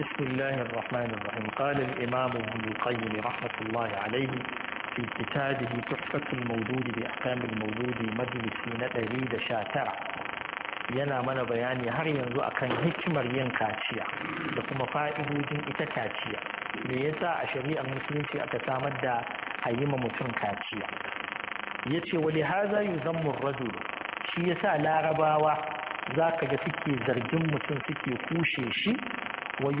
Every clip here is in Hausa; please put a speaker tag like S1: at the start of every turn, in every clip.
S1: بسم الله الرحمن الرحيم قال الإمام ابن القيم رحمة الله عليه في كتابه تحفة المولود بأحكام المولود مجلس نتري دشاترة yana mana bayani har yanzu akan hikimar yin kaciya da kuma fa'idojin ita kaciya me yasa a shari'ar musulunci aka samar da hayyima mutum kaciya yace wali haza yuzammu rajul shi yasa larabawa zaka ga suke zargin mutum suke kushe shi wa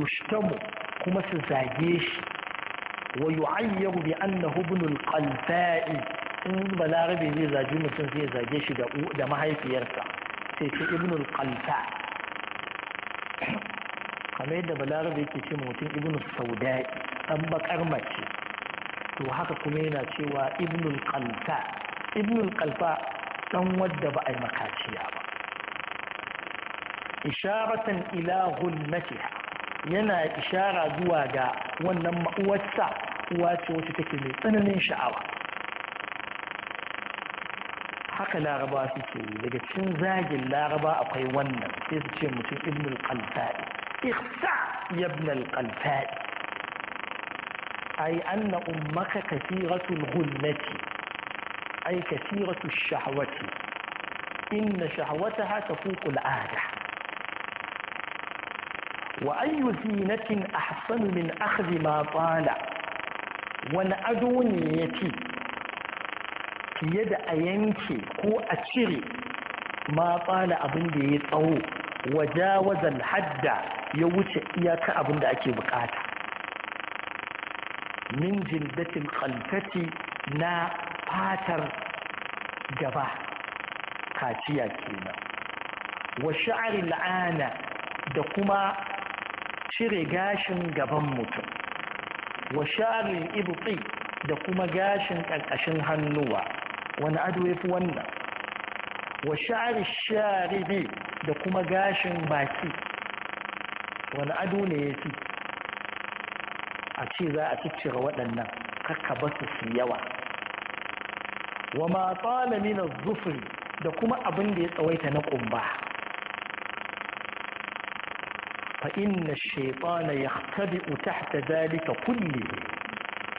S1: kuma su zage shi wa yu'ayyaru bi annahu ibn al-qalfa'i in balarabe zai zage mutum zai zage shi da da mahaifiyarsa sai ce ibn al-qalfa kamar yadda balarabe mutum ibn saudai dan bakar mace to haka kuma yana cewa ibn al-qalfa ibn wadda ba a yi makaciya ba isharatan ila gulmatiha yana ishara zuwa ga wannan ma'uwarsa uwa ce wacce take mai tsananin sha'awa haka laraba suke yi daga cin zagin laraba akwai wannan sai su ce mutum ibnul qalfa'i ikhsa ibnul qalfa'i ay anna ummaka kathiratul ghullati ay kathiratush shahwati inna shahwataha tafuqul al'ada wa ayyu zinatin ahsanu min akhdhi ma tala wani ado ne yafi fiye da a yanke ko a cire ma tsala abin da ya tsawo wajen hadda ya wuce iyaka abin da ake bukata min jildatin kalfati na fatar gaba kaciya kenan wa sha'ar la'ana da kuma cire gashin gaban mutum wa sharin ibti da kuma gashin ƙarƙashin hannuwa wani ado ya fi wannan wa sharin sharibi da kuma gashin baki wani ado ne ya fi a ce za a ciccire waɗannan kakka ba su su yawa wa ma tsala mina zufuri da kuma abin da ya tsawaita na ƙumba فإن الشيطان يختبئ da dalika كله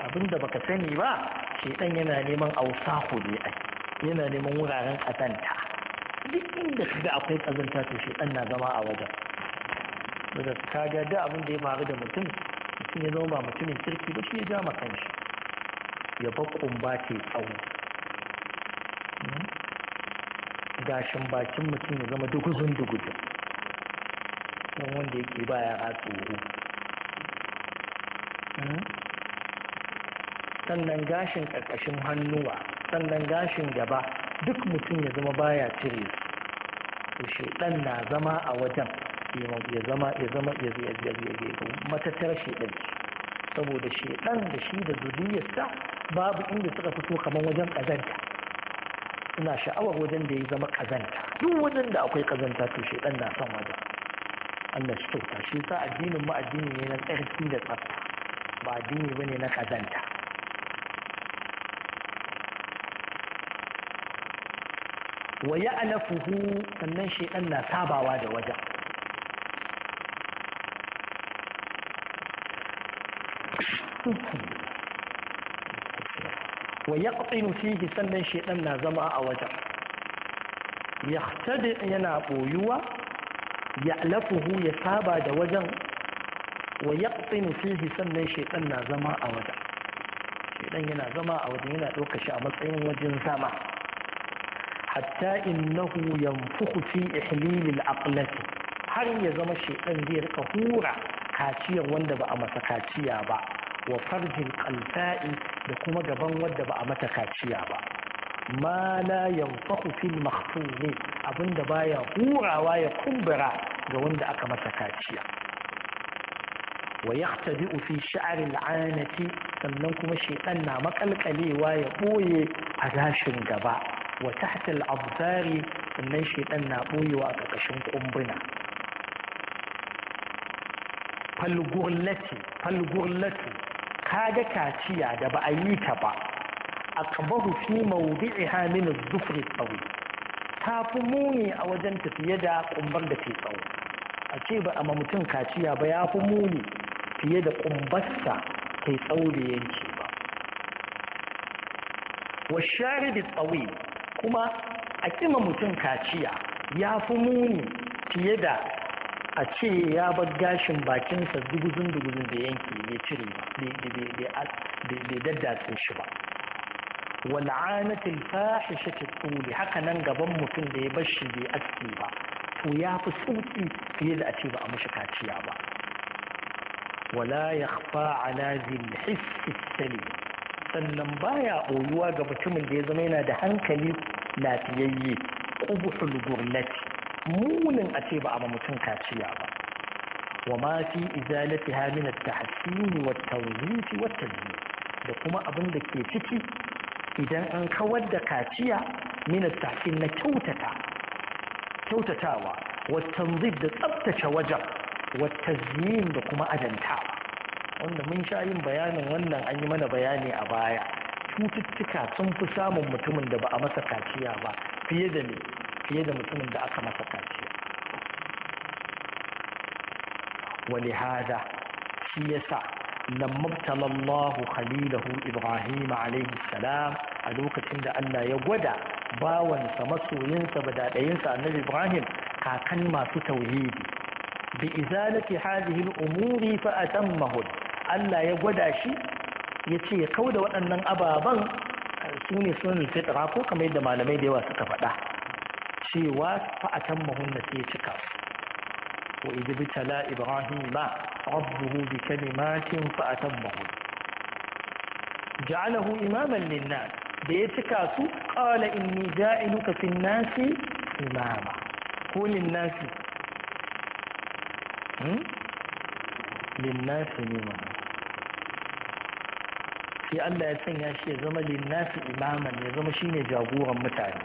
S1: abinda baka sani ba shedan yana neman ausahu ne ai yana neman wuraren kazanta duk inda kaga akwai kazanta to shedan na zama a wajen daga kaga da abin da ya faru da mutum mutum ya zama ba mutumin kirki ba shi ya ja makan shi ya ba kumba ce tsawo gashin bakin mutum ya zama duguzun duguzun cikin wanda yake baya a tsoro hmm? sannan gashin ƙarƙashin hannuwa sannan gashin gaba duk mutum ya zama baya cire su shaidan na zama a wajen ya zama ya zama ya matattar shaidan saboda shaidan da shi da zuriyarsa babu inda suka fito kamar wajen kazanta suna sha'awar wajen da ya zama kazanta duk wajen da akwai kazanta to shaidan na son wajen Allah shi kyauta shi sa addinin mu addini ne na tsarki da ba addini na kazanta wa sannan na sabawa da wajen wa yaqtinu fihi sannan shaytan na zama a wajen yahtadi yana boyuwa ya'lafuhu ya saba da wajen wa yaqtinu fihi sannan shaytan na zama a wajen shaytan yana zama a wajen yana dauka shi a matsayin wajen zama hatta innahu yanfukhu fi ihlil al-aqlati har ya zama shaytan zai rika hura kaciyar wanda ba a masa kaciya ba wa farjin qalfa'i da kuma gaban wanda ba a mata kaciya ba ma la yanfahu fil makhfuni abinda baya hurawa ya kumbura ga wanda aka masa kaciya wa yahtabi'u fi sha'ri al'anati sannan kuma shaytan na makalkalewa ya boye a gashin gaba wa tahta al'absari sannan shaytan na boyewa a ƙarƙashin kumbuna falgurlati falgurlati kaga kaciya da ba a yi ta ba akbahu fi mawdi'iha min az-zufri tawil ta fi muni a wajen tafiye da kumbar da ke tsawo a ce ba a mutum kaciya ba ya fi muni fiye da kumbarsa kai tsawo da yanki ba wa share da tsawo kuma a kima mutum kaciya ya fi muni fiye da a ce ya bar gashin bakinsa duguzin duguzin da yanki bai cire ba da daddatsin shi ba wal'anatil fahishatil tsuli haka nan gaban mutum da ya bar shi bai aski ba to ya fi sauki fiye da a ce ba a mashi kaciya ba wala ya khfa ala zil hissi sannan baya boyuwa ga mutumin da ya zama yana da hankali lafiyayye qubuhul gurnati munin a ce ba a ma mutum kaciya ba wa ma fi izalati min at-tahsin wa at wa da kuma abin da ke ciki idan an kawar da kaciya min at na kyautata kyautatawa wa tanzib da tsaftace wajen wa tazyin da kuma adantawa wanda mun sha yin bayanin wannan an yi mana bayani a baya cututtuka sun fi samun mutumin da ba a masa kaciya ba fiye da ne fiye da mutumin da aka masa kaciya wani hada shi yasa lamma talallahu khalilahu ibrahim alaihi salam a lokacin da Allah ya gwada bawansa masoyinsa badaɗayinsa annabi Ibrahim kakan masu tauhidi bi izalati hadhihi al-umuri fa atammahu Allah ya gwada shi yace ya kauda waɗannan ababan su ne sunan fitra ko kamar yadda malamai da yawa suka faɗa cewa fa atammahu na sai cika wa idbitala ibrahim ma rabbuhu bi kalimatin fa atammahu ja'alahu imaman lin-nas da ya cika su qala inni ka fi nasi imama ko lin nasi hmm? lin nasi ne sai Allah ya sanya shi ya zama lin nasi ne ya zama shi ne jagoran mutane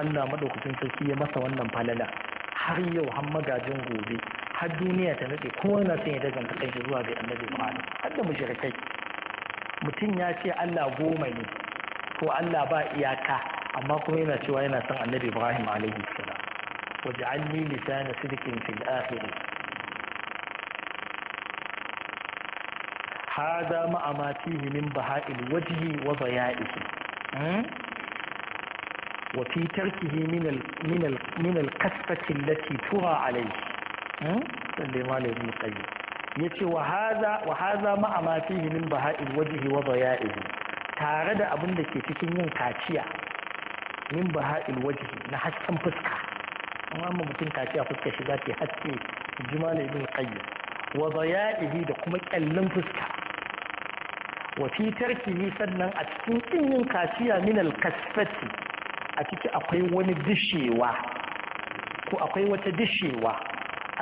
S1: Allah maɗaukacin sarki ya masa wannan falala har yau har magajin gobe har duniya ta nade kowa na son ya daganta kai zuwa ga annabi Muhammad har da mushrikai mutum ya ce Allah goma ne ko Allah ba iyaka amma kuma yana cewa yana son annabi Ibrahim alayhi salam waj'alni lisana sidqin fil akhirah hada ma amatihi min baha'il wajhi wa baya'ihi wa fi tarkihi min al min al min al qasfati allati tura alayhi sallallahu malam wa sallam yace wa hada wa hada ma amatihi min baha'il wajhi wa baya'ihi tare da abin da ke cikin yin kaciya min baha'il wajhi na hasken fuska amma mutum kaciya fuska shi za ta haske jimal ibn qayyim wa daya'ihi da kuma kyallin fuska wa fi tarkihi sannan a cikin yin kaciya min al a ciki akwai wani dishewa ko akwai wata dishewa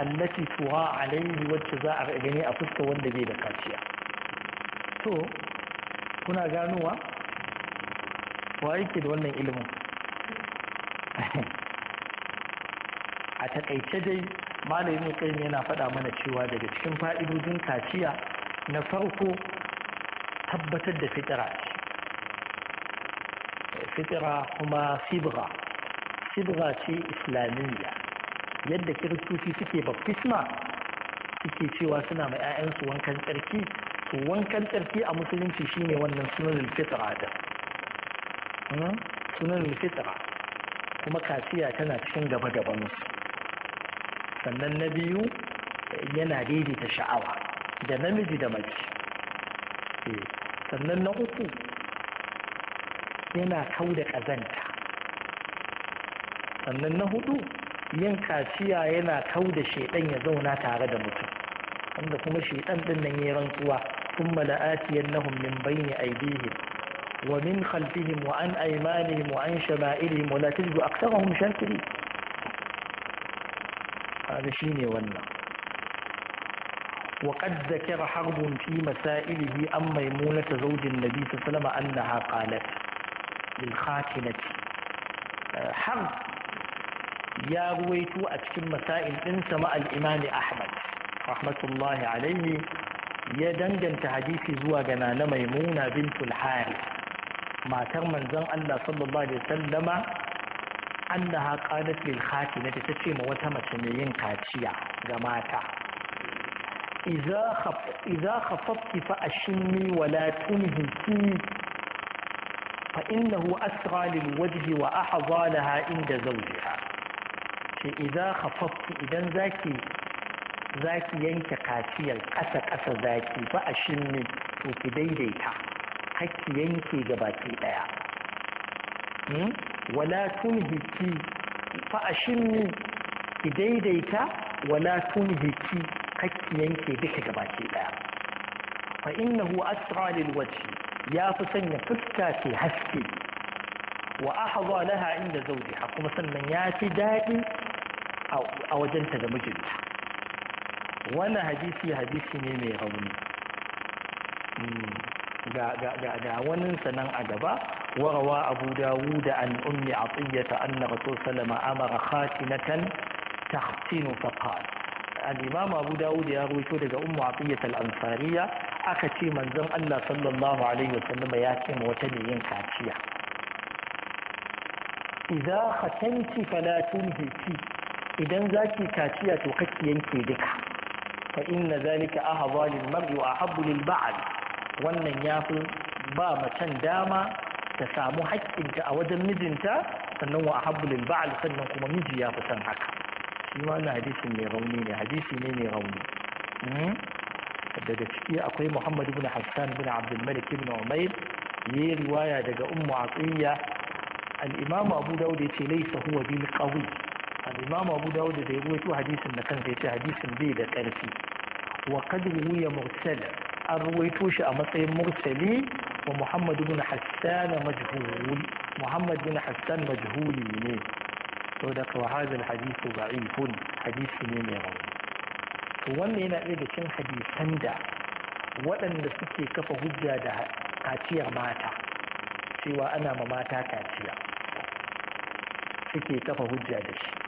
S1: allati tuha alaihi wacce za a gani a fuska wanda bai da kaciya to kuna ganowa wa yake da wannan ilimin a takaice dai malamin kai yana faɗa mana cewa daga cikin fa'idojin kaciya na farko tabbatar da fitira fitira kuma sibira sibra ce islamiyya yadda kiristoci suke baptisma suke cewa suna ma 'ya'yansu wankan tsarki wankan tsarki a musulunci shine wannan sunan alfitra da hmm? sunan alfitra kuma kasiya tana cikin gaba gaban sannan na biyu yana daidaita sha'awa da namiji da mace eh, sannan na uku yana kau da ƙazanta sannan na hudu yin kaciya yana kau da shaidan ya zauna tare da mutum wanda kuma shaidan din nan ya rantsuwa ثم لآتينهم من بين أيديهم ومن خلفهم وعن أيمانهم وعن شمائلهم ولا تجد أكثرهم شاكرين هذا شيني ولا وقد ذكر حرب في مسائله أم ميمونة زوج النبي صلى الله عليه وسلم أنها قالت للخاتنة حرب يا رويتو أتكم مسائل إنس مع الإمام أحمد رحمة الله عليه ya danganta hadisi zuwa ga nana maimuna bintul hari matar manzon Allah sallallahu alaihi wasallama annaha qalat lil ta tace ma wata mace mai yin kaciya ga mata idza khaf idza khafafti fa ashmi wa la tunhiki fa innahu asra lil wajhi wa ahza laha inda zawjiha ce idza khafafti idan zaki za ki yanke kaciyar ƙasa ƙasa za ki ba a shinne to ki daidaita hakki yanke ga baki ɗaya hmm? wala tunhiki fa a shinne ki daidaita wala tunhiki hakki yanke duka ga baki ɗaya fa innahu asra lil wajhi ya fi sanya fuska ke haske wa ahadha laha inda zawjiha kuma sannan ya fi daɗi a wajenta da mijinta wannan hadisi hadisi ne mai rauni hmm. ga wani sanan a gaba warawa abu dawud an ummi atiyata anna rasul sallama amara khatinatan tahtinu faqal al-imam abu da ya rawaito daga ummu atiyata al-ansariya aka ce manzon Allah sallallahu alaihi wasallam ya ce ma wata ne yin kaciya idza khatanti fala tunhiki idan zaki kaciya to kake yanke duka fa inna zalika ahwa lil mar'i wa ahabbu lil ba'd wannan yafi ba macen dama ta samu haƙƙinta a wajen mijinta sannan wa ahabbu lil ba'd sannan kuma miji ya fi san haka shi ma wannan hadisin mai rauni ne hadisi ne mai rauni hmm? daga ciki akwai Muhammad ibn Hassan ibn Abdul Malik ibn Umayr yayi riwaya daga Ummu Atiyya al-Imam Abu Dawud yace laysa huwa bil qawi الإمام أبو داود ده يقول هو حديث مكان زي حديث بي ده كارثي وقد روي مرسلا أرويتوش أمطي إيه مرسلي ومحمد بن حسان مجهول محمد بن حسان مجهول منين ودك وهذا الحديث ضعيف حديث منين يا رب وانا هنا ايه ده كان حديث سندع وانا نسكي كفا هجا ده كاتيا ماتا سوى انا مماتا كاتيا سكي كفا هجا ده شي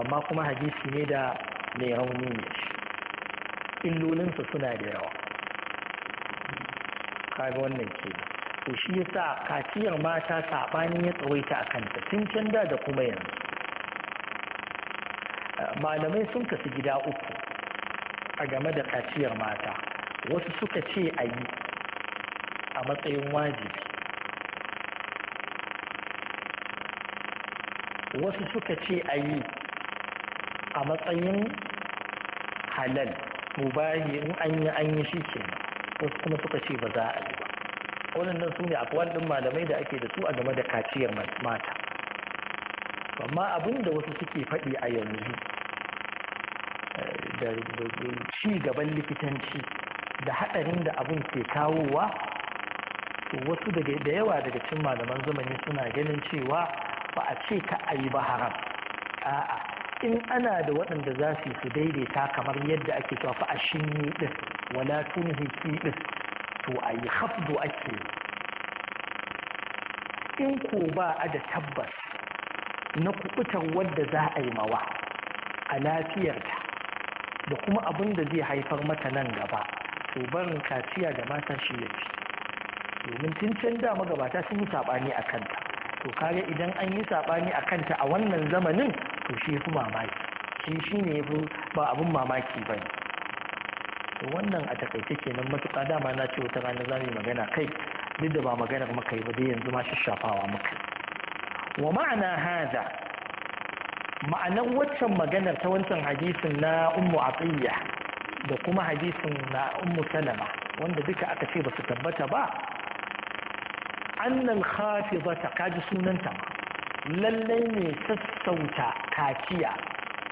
S1: amma kuma hadisi ne da mai rauni ne illolinsa suna da yawa kaga wannan ke to shi yasa kaciyar mata saɓanin ya tsawaita a kanta tun can da da kuma yanzu malamai sun kasu gida uku a game da kaciyar mata wasu suka ce a yi a matsayin wajibi wasu suka ce a yi a matsayin halal bayi in an yi an yi shi ke wasu kuma suka ce ba za a yi ba waɗannan su ne akwai ɗin malamai da ake da su a game da kaciyar mata amma abin da wasu suke faɗi a yanzu eh, da ci gaban likitanci da haɗarin da abin ke kawowa wasu da yawa daga cin malaman zamani suna ganin cewa ba a ce ka a yi ba haram a'a in ana da waɗanda za su yi su daidaita kamar yadda ake cewa fa a shinyi din wala tunhi fi din to a yi hafdu ake in ko ba a da tabbas na kubutar wadda za a yi mawa a lafiyarta da kuma abin da zai haifar mata nan gaba to barin kaciya da mata shi ya ci domin tun can da magabata sun yi saɓani a kanta to kaga idan an yi saɓani a kanta a wannan zamanin to shi fi mamaki shi shi ne fi ba abin mamaki ba ne wannan a takaice kenan matuƙa dama na ce wata rana za mu yi magana kai duk da ba maganar muka yi ba dai yanzu ma shashafawa muka wa ma'ana haza ma'anar waccan maganar ta wancan hadisin na ummu atiyya da kuma hadisin na ummu salama wanda duka aka ce ba su tabbata ba annan khafidata kaji sunanta lallai ne sassauta kaciya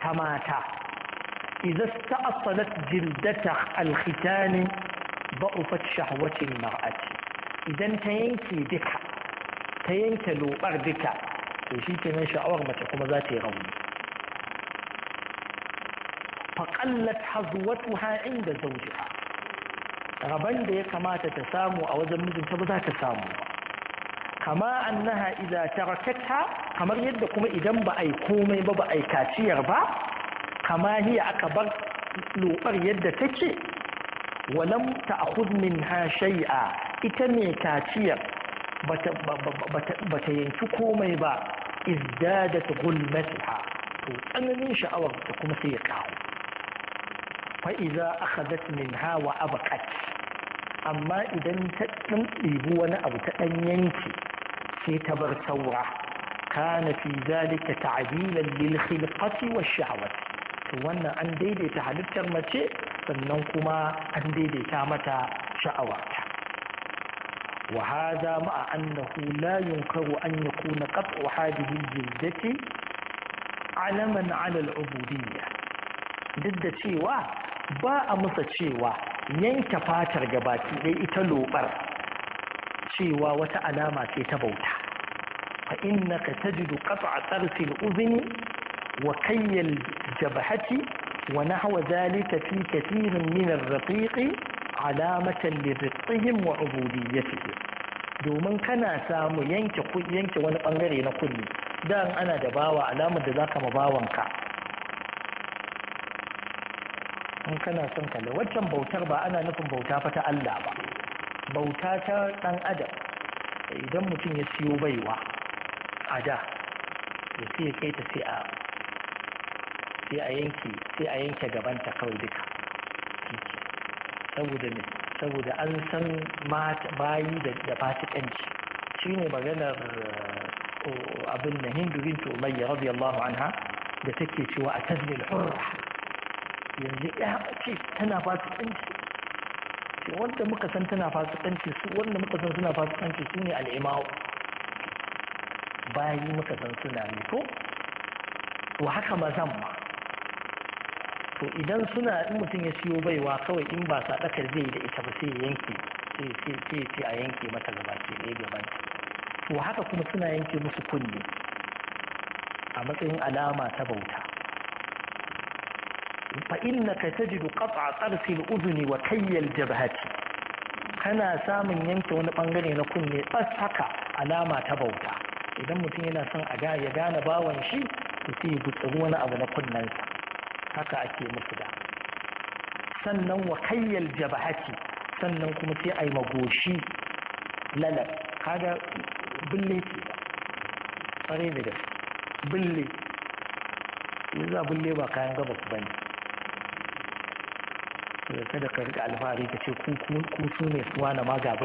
S1: ta mata idza sta'assalat jildata al-khitan ba'ufat shahwati al-mar'ati idan ta yanke duka ta yanke lobar duka to shi kenan sha'awar mace kuma za ta yi rauni faqallat hazwatuha inda zawjiha raban da ya kamata ta samu a wajen mijinta ba za ta samu ba kama annaha idza tarakatha kamar yadda kuma idan ba ai komai ba ba ai kaciyar ba kama hiya aka bar lobar yadda take walam ta'khudh minha shay'a ita ne kaciyar bata bata yanki komai ba izdadat gulmatiha to tsananin sha'awar ta kuma sai ya kawo fa idza akhadhat minha wa abqat amma idan ta ɗan ɗibi wani abu ta ɗan yanki sai ta bar saura kana fi zalika ta'dilan lil khilqati wash to wannan an daidaita halittar mace sannan kuma an daidaita mata sha'awarta wa hadha ma'a annahu la yunkaru an yakuna qat'u hadhihi al-jiddati alaman 'ala al duk da cewa ba a musa cewa yanke fatar gabaki ɗaya ita lobar cewa wata alama ce ta bauta فإنك تجد قطع طرف الأذن وكي الجبهة ونحو ذلك في كثير من الرقيق علامة لرقهم وعبوديتهم domin kana samu yanke yanke wani bangare na kulli dan ana da bawa alamar da zaka ma bawanka in kana son kalle waccan bautar ba ana nufin bauta fa ta Allah ba bauta ta dan adam idan mutum ya siyo baiwa a da da sai kai ta sai a sai a yanke sai a yanke gabanta kawai duka saboda ne saboda an san bayi da fasikanci shine maganar abin da hindu bintu umayya radiyallahu anha da take cewa a da hurra yanzu ya ce tana fasikanci wanda muka san tana fasikanci su wanda muka san suna fasikanci su ne al'imau bayi muka san suna ne ko to haka mazan ma to idan suna in mutum ya siyo baiwa kawai in ba sadakar zai da ita ba sai ya yanke sai ce a yanke mata gaba ke ɗaya gaban to haka kuma suna yanke musu kunne a matsayin alama ta bauta fa ka tajidu qat'a tarsi al-udhni wa kayyal jabhati kana samun yanke wani bangare na kunne bas haka alama ta bauta idan mutum yana son a ga ya gane bawan shi to sai wani abu na kunnensa haka ake musu da sannan wa kayyal jabahati sannan kuma sai a yi magoshi lalar kaga bulle ce tsare da gaske bulle yanzu bille ba kayan gabas ba ne kada ka rika alfahari ka ce ku su ne suwa na ma ga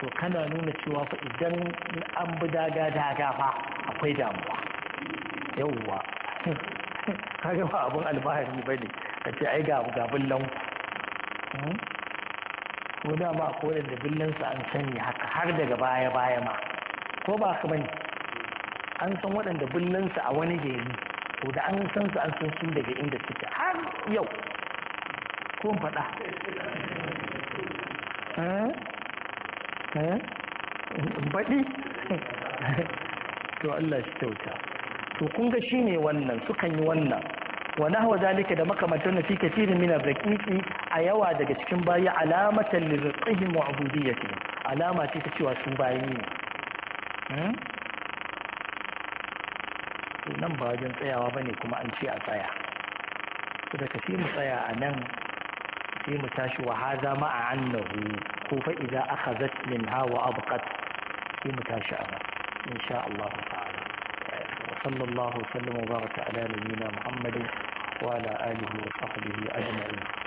S1: to kana nuna cewa fa idan an bi daga daga fa akwai damuwa yauwa kaga ba abun alfahari ba ne ka ce ai ga gabin lanku hmm? ko da ba ko da sa an sani haka har daga baya baya ma ko ba ka bane an san waɗanda sa a wani gari to da an san su an san su daga inda suke har yau ko faɗa hmm? Eh? baɗi to Allah shi kyauta to kun ga ne wannan sukan yi wannan wa hawa zalika da makamantar na fi kafiri mina ar a yawa daga cikin bayi alamatan li rizqihim wa ubudiyyatihim alama ce ta cewa sun bayi ne hmm? nan ba wajen tsayawa bane kuma an ce a tsaya su da fi mu tsaya a nan sai mu tashi wa haza ma'a annahu فإذا أخذت منها وأبقت في متاشأها إن شاء الله تعالى وصلى الله وسلم وبارك على نبينا محمد وعلى آله وصحبه أجمعين